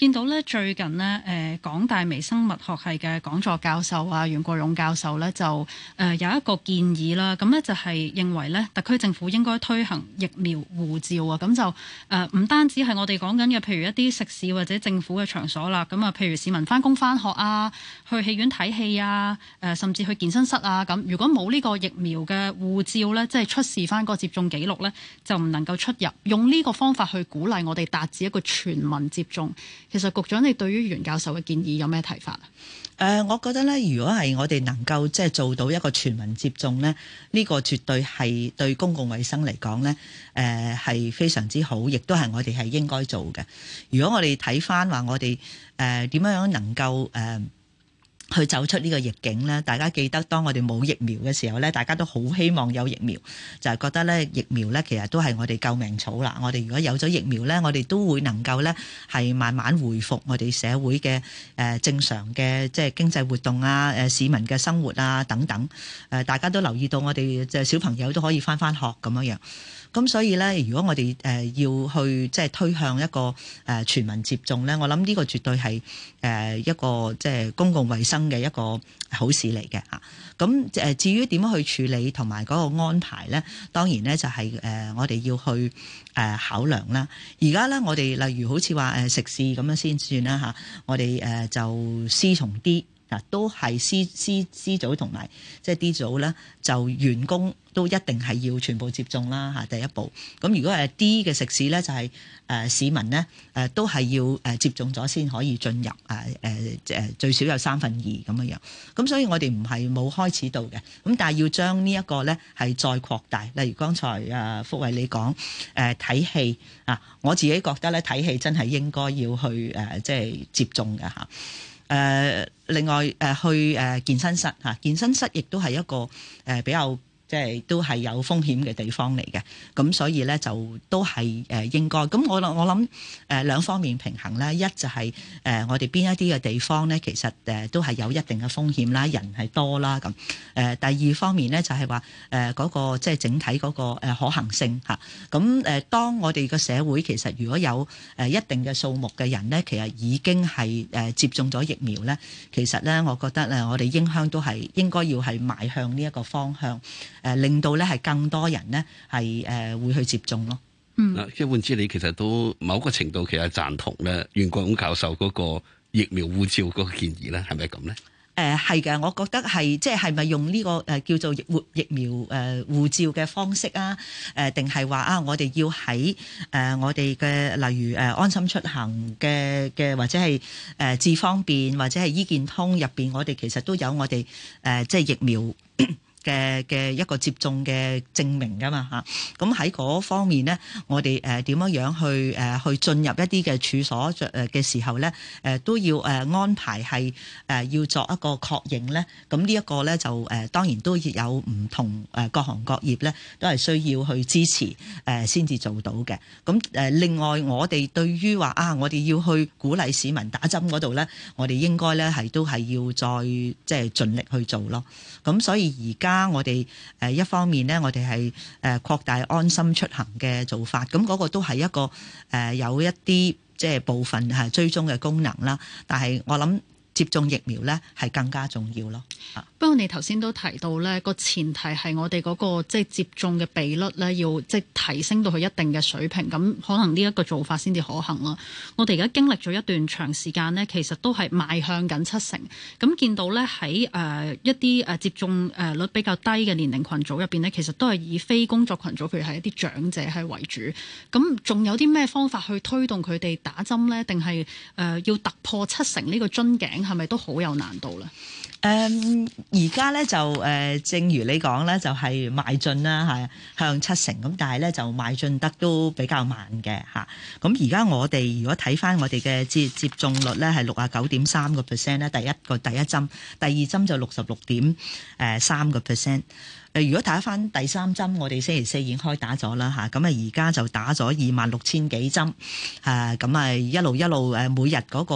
見到咧最近咧，誒港大微生物學系嘅講座教授啊，袁國勇教授咧就誒有一個建議啦。咁咧就係認為咧，特區政府應該推行疫苗護照啊。咁就誒唔單止係我哋講緊嘅，譬如一啲食肆或者政府嘅場所啦。咁啊，譬如市民翻工翻學啊，去戲院睇戲啊，誒甚至去健身室啊。咁如果冇呢個疫苗嘅護照咧，即係出示翻個接種記錄咧，就唔能夠出入。用呢個方法去鼓勵我哋達至一個全民接種。其實局長，你對於袁教授嘅建議有咩睇法？誒、呃，我覺得咧，如果係我哋能夠即係、就是、做到一個全民接種咧，呢、這個絕對係對公共衛生嚟講咧，誒、呃、係非常之好，亦都係我哋係應該做嘅。如果我哋睇翻話我哋誒點樣能夠誒。呃去走出呢個逆境呢，大家記得當我哋冇疫苗嘅時候呢，大家都好希望有疫苗，就係覺得呢疫苗呢，其實都係我哋救命草啦。我哋如果有咗疫苗呢，我哋都會能夠呢，係慢慢回復我哋社會嘅正常嘅即係經濟活動啊、市民嘅生活啊等等。大家都留意到，我哋小朋友都可以翻返學咁樣樣。咁所以咧，如果我哋誒要去即係推向一個誒、呃、全民接種咧，我諗呢個絕對係誒、呃、一個即係公共衛生嘅一個好事嚟嘅嚇。咁、啊、誒至於點樣去處理同埋嗰個安排咧，當然咧就係、是、誒、呃、我哋要去誒、呃、考量啦。而家咧，我哋例如好似話誒食肆咁樣先算啦嚇、啊，我哋誒、呃、就私從啲。嗱，都係 C、C、C 組同埋即係 D 組咧，就員工都一定係要全部接種啦嚇，第一步。咁如果係 D 嘅食肆咧，就係誒市民咧都係要接種咗先可以進入誒誒誒最少有三分二咁樣樣。咁所以我哋唔係冇開始到嘅，咁但係要將呢一個咧係再擴大。例如剛才啊福慧你講誒睇戲啊，我自己覺得咧睇戲真係應該要去誒即係接種嘅嚇。誒、呃，另外誒、呃、去誒健身室吓，健身室亦都係一個誒、呃、比較。即係都係有風險嘅地方嚟嘅，咁所以呢，就都係誒應該。咁我我諗誒兩方面平衡咧，一就係誒我哋邊一啲嘅地方呢，其實誒都係有一定嘅風險啦，人係多啦咁。誒第二方面呢，就係話誒嗰個即係整體嗰個可行性嚇。咁誒當我哋個社會其實如果有誒一定嘅數目嘅人呢，其實已經係誒接種咗疫苗呢。其實呢，我覺得咧我哋應向都係應該要係邁向呢一個方向。誒令到咧係更多人呢係誒會去接種咯。嗯，嗱，即係換之，你其實都某個程度其實贊同咧袁國勇教授嗰個疫苗護照嗰個建議咧，係咪咁咧？誒係嘅，我覺得係即係係咪用呢個誒叫做活疫苗誒護照嘅方式啊？誒定係話啊，我哋要喺誒、呃、我哋嘅例如誒、啊、安心出行嘅嘅或者係誒智方便或者係醫健通入邊，我哋其實都有我哋誒即係疫苗。 嘅嘅一個接種嘅證明㗎嘛，吓，咁喺嗰方面咧，我哋誒點樣樣去誒去進入一啲嘅處所誒嘅時候咧，誒都要誒安排係誒要作一個確認咧。咁呢一個咧就誒當然都有唔同誒各行各業咧，都係需要去支持誒先至做到嘅。咁誒另外我哋對於話啊，我哋要去鼓勵市民打針嗰度咧，我哋應該咧係都係要再即係盡力去做咯。咁所以而家。啊！我哋誒一方面呢，我哋係誒擴大安心出行嘅做法，咁、那、嗰個都係一個誒有一啲即係部分係追蹤嘅功能啦。但係我諗。接種疫苗咧，係更加重要咯。不過你頭先都提到咧，個前提係我哋嗰個即係接種嘅比率咧，要即係提升到去一定嘅水平，咁可能呢一個做法先至可行咯。我哋而家經歷咗一段長時間呢，其實都係邁向緊七成。咁見到咧喺誒一啲誒接種誒率比較低嘅年齡群組入邊呢，其實都係以非工作群組，譬如係一啲長者係為主。咁仲有啲咩方法去推動佢哋打針咧？定係誒要突破七成呢個樽頸？係咪都好有難度咧？誒，而家咧就誒，正如你講咧，就係、是、邁進啦，係向七成咁。但係咧就邁進得都比較慢嘅嚇。咁而家我哋如果睇返我哋嘅接接種率咧，係六啊九點三個 percent 咧，第一個第一針，第二針就六十六點誒三個 percent。如果睇翻第三針，我哋星期四已經開打咗啦，咁啊，而家就打咗二萬六千幾針，咁啊一路一路每日嗰個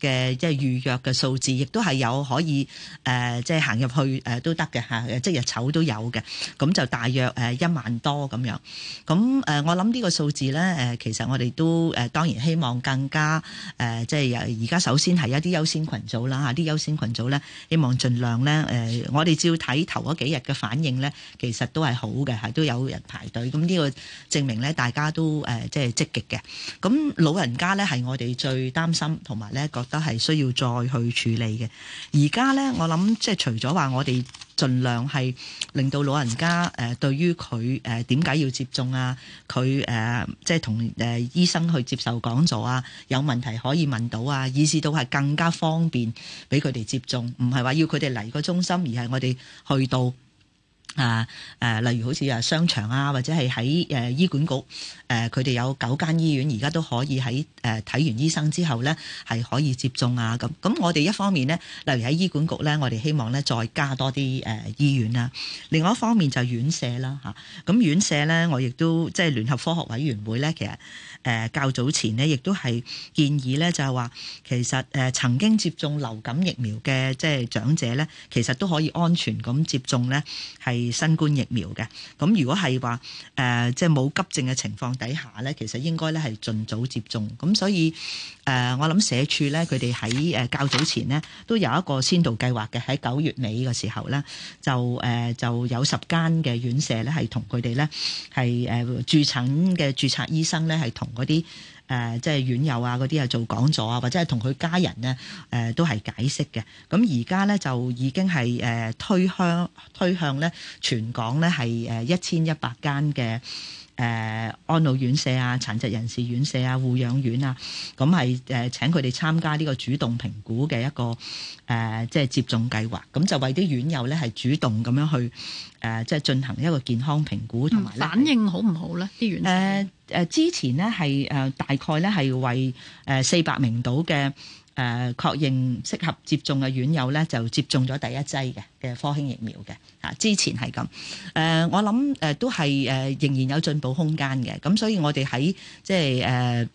嘅即係預約嘅數字，亦都係有可以即係行入去都得嘅，即日籌都有嘅，咁就大約一萬多咁樣。咁我諗呢個數字咧，其實我哋都誒，當然希望更加，即係而家首先係一啲優先群組啦，啲優先群組咧，希望盡量咧，我哋照睇頭嗰幾日嘅反應。咧其實都係好嘅，係都有人排隊。咁、這、呢個證明咧，大家都誒、呃、即係積極嘅。咁老人家咧係我哋最擔心，同埋咧覺得係需要再去處理嘅。而家咧，我諗即係除咗話我哋盡量係令到老人家誒、呃、對於佢誒點解要接種啊，佢誒、呃、即係同誒醫生去接受講座啊，有問題可以問到啊，以至到係更加方便俾佢哋接種，唔係話要佢哋嚟個中心，而係我哋去到。啊誒、呃，例如好似啊商場啊，或者係喺誒醫管局誒，佢、呃、哋有九間醫院，而家都可以喺誒睇完醫生之後咧，係可以接種啊咁。咁我哋一方面咧，例如喺醫管局咧，我哋希望咧再加多啲誒、呃、醫院啦、啊。另外一方面就係院舍啦吓，咁、啊、院舍咧，我亦都即係聯合科學委員會咧，其實誒、呃、較早前咧，亦都係建議咧，就係話其實誒、呃、曾經接種流感疫苗嘅即係長者咧，其實都可以安全咁接種咧，係。新冠疫苗嘅，咁如果係話誒，即係冇急症嘅情況底下咧，其實應該咧係盡早接種。咁所以誒、呃，我諗社署咧，佢哋喺誒較早前咧，都有一個先導計劃嘅，喺九月尾嘅時候咧，就誒、呃、就有十間嘅院舍咧，係同佢哋咧係誒，駐診嘅注冊醫生咧，係同嗰啲。誒、呃，即係院友啊，嗰啲啊做講座啊，或者係同佢家人呢誒、呃、都係解釋嘅。咁而家咧就已經係誒、呃、推向推向咧，全港咧係誒一千一百間嘅。誒、呃、安老院舍啊、殘疾人士院舍啊、護養院啊，咁係請佢哋參加呢個主動評估嘅一個、呃、即係接種計劃，咁就為啲院友咧係主動咁樣去、呃、即係進行一個健康評估同埋。反應好唔好咧？啲院誒誒、呃、之前呢係大概咧係為四百名度嘅。誒、呃、確認適合接種嘅院友咧，就接種咗第一劑嘅嘅科興疫苗嘅嚇，之前係咁。誒、呃、我諗誒都係誒仍然有進步空間嘅，咁所以我哋喺即係誒。呃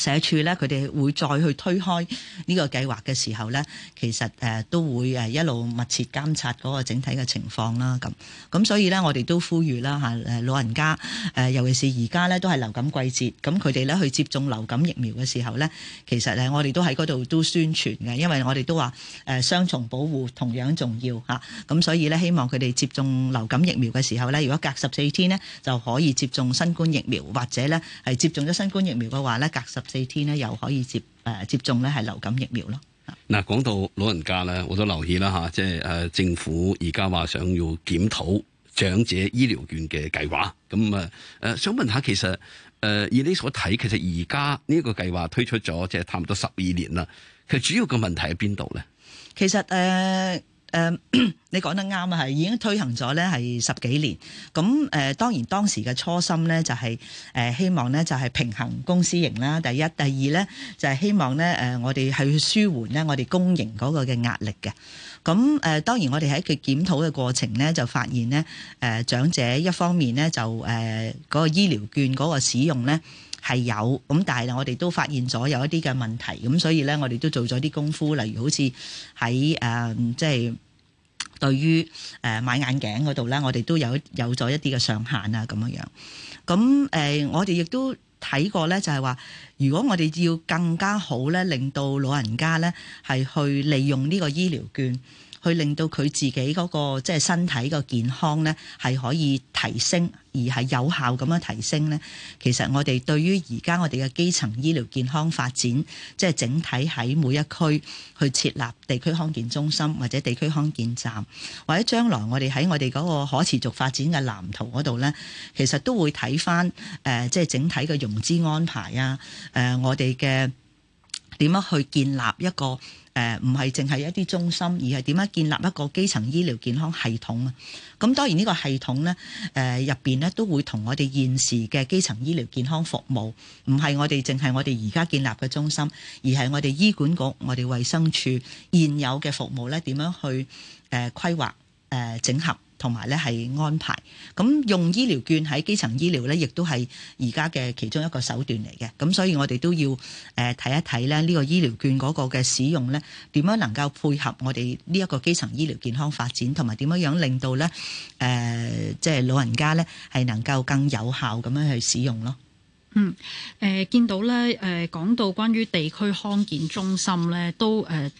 社署咧，佢哋會再去推開呢個計劃嘅時候呢，其實誒都會誒一路密切監察嗰個整體嘅情況啦。咁咁所以呢，我哋都呼籲啦嚇誒老人家誒，尤其是而家呢，都係流感季節，咁佢哋呢，去接種流感疫苗嘅時候呢，其實誒我哋都喺嗰度都宣傳嘅，因為我哋都話誒雙重保護同樣重要嚇。咁所以呢，希望佢哋接種流感疫苗嘅時候呢，如果隔十四天呢，就可以接種新冠疫苗，或者呢，係接種咗新冠疫苗嘅話呢。隔十四天咧，又可以接誒、呃、接種咧，係流感疫苗咯。嗱，講到老人家咧，我都留意啦嚇、啊，即係誒、啊、政府而家話想要檢討長者醫療券嘅計劃。咁啊誒、啊，想問下其實誒、啊，以你所睇，其實而家呢個計劃推出咗，即係差唔多十二年啦。其實主要嘅問題喺邊度咧？其實誒。誒、uh, 你講得啱啊，係已經推行咗咧，係十幾年。咁誒、呃，當然當時嘅初心咧，就係、是、誒、呃、希望咧，就係、是、平衡公私營啦。第一、第二咧，就係、是、希望咧，誒、呃、我哋係舒緩咧，我哋公營嗰個嘅壓力嘅。咁誒、呃，當然我哋喺佢檢討嘅過程咧，就發現咧，誒、呃、長者一方面咧，就誒嗰、呃那個醫療券嗰個使用咧。係有咁，但係我哋都發現咗有一啲嘅問題，咁所以咧，我哋都做咗啲功夫，例如好似喺誒即係對於誒買眼鏡嗰度咧，我哋都有有咗一啲嘅上限啊咁樣樣。咁誒、呃，我哋亦都睇過咧，就係話如果我哋要更加好咧，令到老人家咧係去利用呢個醫療券。去令到佢自己嗰個即係身體個健康咧，係可以提升，而係有效咁樣提升咧。其實我哋對於而家我哋嘅基層醫療健康發展，即係整體喺每一區去設立地區康健中心或者地區康健站，或者將來我哋喺我哋嗰個可持續發展嘅藍圖嗰度咧，其實都會睇翻，誒即係整體嘅融資安排啊，誒，我哋嘅點樣去建立一個。誒唔係淨係一啲中心，而係點樣建立一個基層醫療健康系統啊。咁當然呢個系統呢，誒入邊呢都會同我哋現時嘅基層醫療健康服務，唔係我哋淨係我哋而家建立嘅中心，而係我哋醫管局、我哋衛生署現有嘅服務呢，點樣去誒規劃誒整合。同埋咧，係安排咁用醫療券喺基層醫療咧，亦都係而家嘅其中一個手段嚟嘅。咁所以我哋都要誒睇、呃、一睇咧，呢個醫療券嗰個嘅使用咧，點樣能夠配合我哋呢一個基層醫療健康發展，同埋點樣樣令到咧誒，即、呃、係、就係、老人家咧係能夠更有效咁樣去使用咯。嗯，誒、呃、見到咧，誒、呃、講到關於地區康健中心咧，都誒。呃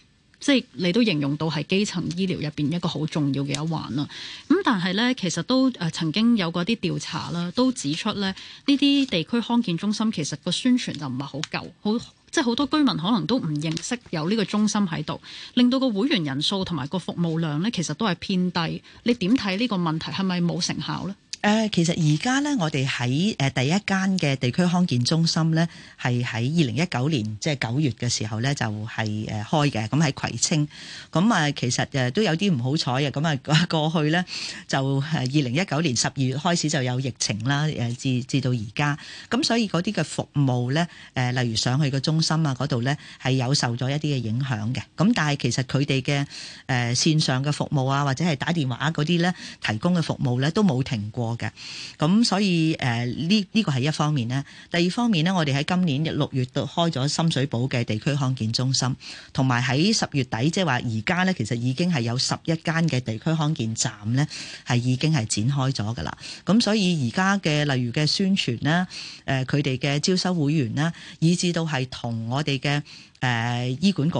即係你都形容到係基層醫療入邊一個好重要嘅一環啦。咁但係呢，其實都誒曾經有過啲調查啦，都指出呢，呢啲地區康健中心其實個宣傳就唔係好夠，好即係好多居民可能都唔認識有呢個中心喺度，令到個會員人數同埋個服務量呢，其實都係偏低。你點睇呢個問題，係咪冇成效呢？誒、呃、其實而家咧，我哋喺誒第一間嘅地區康健中心咧，係喺二零一九年即係九月嘅時候咧，就係、是、誒開嘅。咁喺葵青，咁、嗯、啊其實誒都有啲唔好彩嘅。咁、嗯、啊過去咧就係二零一九年十二月開始就有疫情啦，誒至至到而家。咁、嗯、所以嗰啲嘅服務咧，誒、呃、例如上去個中心啊嗰度咧，係有受咗一啲嘅影響嘅。咁、嗯、但係其實佢哋嘅誒線上嘅服務啊，或者係打電話嗰啲咧，提供嘅服務咧都冇停過。嘅，咁所以誒呢呢個係一方面咧，第二方面咧，我哋喺今年六月都開咗深水埗嘅地區康健中心，同埋喺十月底，即係話而家呢，其實已經係有十一間嘅地區康健站呢係已經係展開咗噶啦。咁所以而家嘅例如嘅宣傳咧，誒佢哋嘅招收會員咧，以至到係同我哋嘅誒醫管局。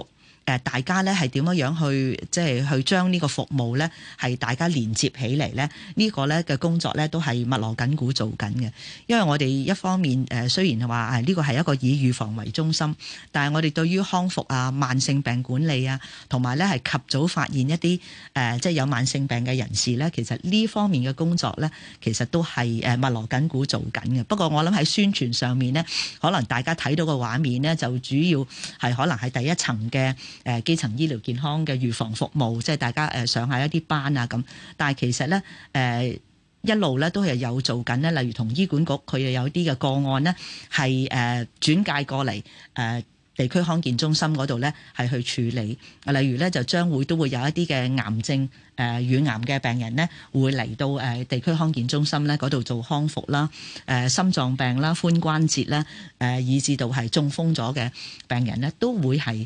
誒，大家咧係點樣樣去即係去將呢個服務咧，係大家連接起嚟咧？呢、這個咧嘅工作咧，都係密鑼緊鼓做緊嘅。因為我哋一方面誒，雖然話誒呢個係一個以預防為中心，但係我哋對於康復啊、慢性病管理啊，同埋咧係及早發現一啲誒、呃，即係有慢性病嘅人士咧，其實呢方面嘅工作咧，其實都係誒密鑼緊鼓做緊嘅。不過我諗喺宣傳上面咧，可能大家睇到個畫面咧，就主要係可能係第一層嘅。誒、呃，基層醫療健康嘅預防服務，即係大家誒、呃、上下一啲班啊咁。但係其實呢，誒、呃、一路呢都係有做緊呢。例如同醫管局佢又有啲嘅個案呢，係誒、呃、轉介過嚟誒、呃、地區康健中心嗰度呢，係去處理。例如呢，就將會都會有一啲嘅癌症誒、呃、乳癌嘅病人呢，會嚟到誒、呃、地區康健中心呢嗰度做康復啦，誒、呃、心臟病啦、髖關節啦，誒、呃、以至到係中風咗嘅病人呢，都會係。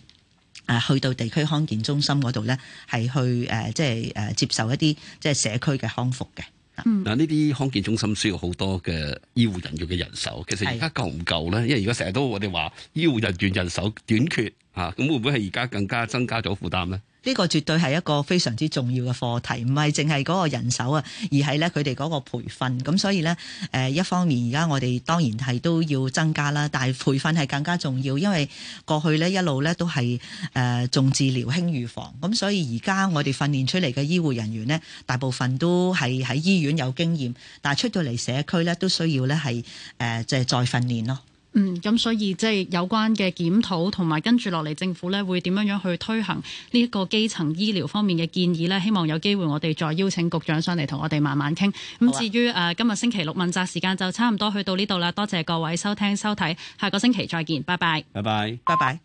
啊，去到地區康健中心嗰度咧，係去誒，即係誒，接受一啲即係社區嘅康復嘅。嗯，嗱呢啲康健中心需要好多嘅醫護人員嘅人手，其實而家夠唔夠咧？因為而家成日都我哋話醫護人員人手短缺，嚇、啊、咁會唔會係而家更加增加咗負擔咧？呢個絕對係一個非常之重要嘅課題，唔係淨係嗰個人手啊，而係咧佢哋嗰個培訓。咁所以呢，誒一方面而家我哋當然係都要增加啦，但係培訓係更加重要，因為過去呢一路呢都係誒、呃、重治療輕預防。咁所以而家我哋訓練出嚟嘅醫護人員呢，大部分都係喺醫院有經驗，但係出到嚟社區呢，都需要呢係誒即係再訓練咯。嗯，咁所以即係有關嘅檢討，同埋跟住落嚟政府呢會點樣樣去推行呢一個基層醫療方面嘅建議呢？希望有機會我哋再邀請局長上嚟同我哋慢慢傾。咁、啊、至於誒、呃、今日星期六問責時間就差唔多去到呢度啦，多謝各位收聽收睇，下個星期再見，拜拜，拜拜，拜拜。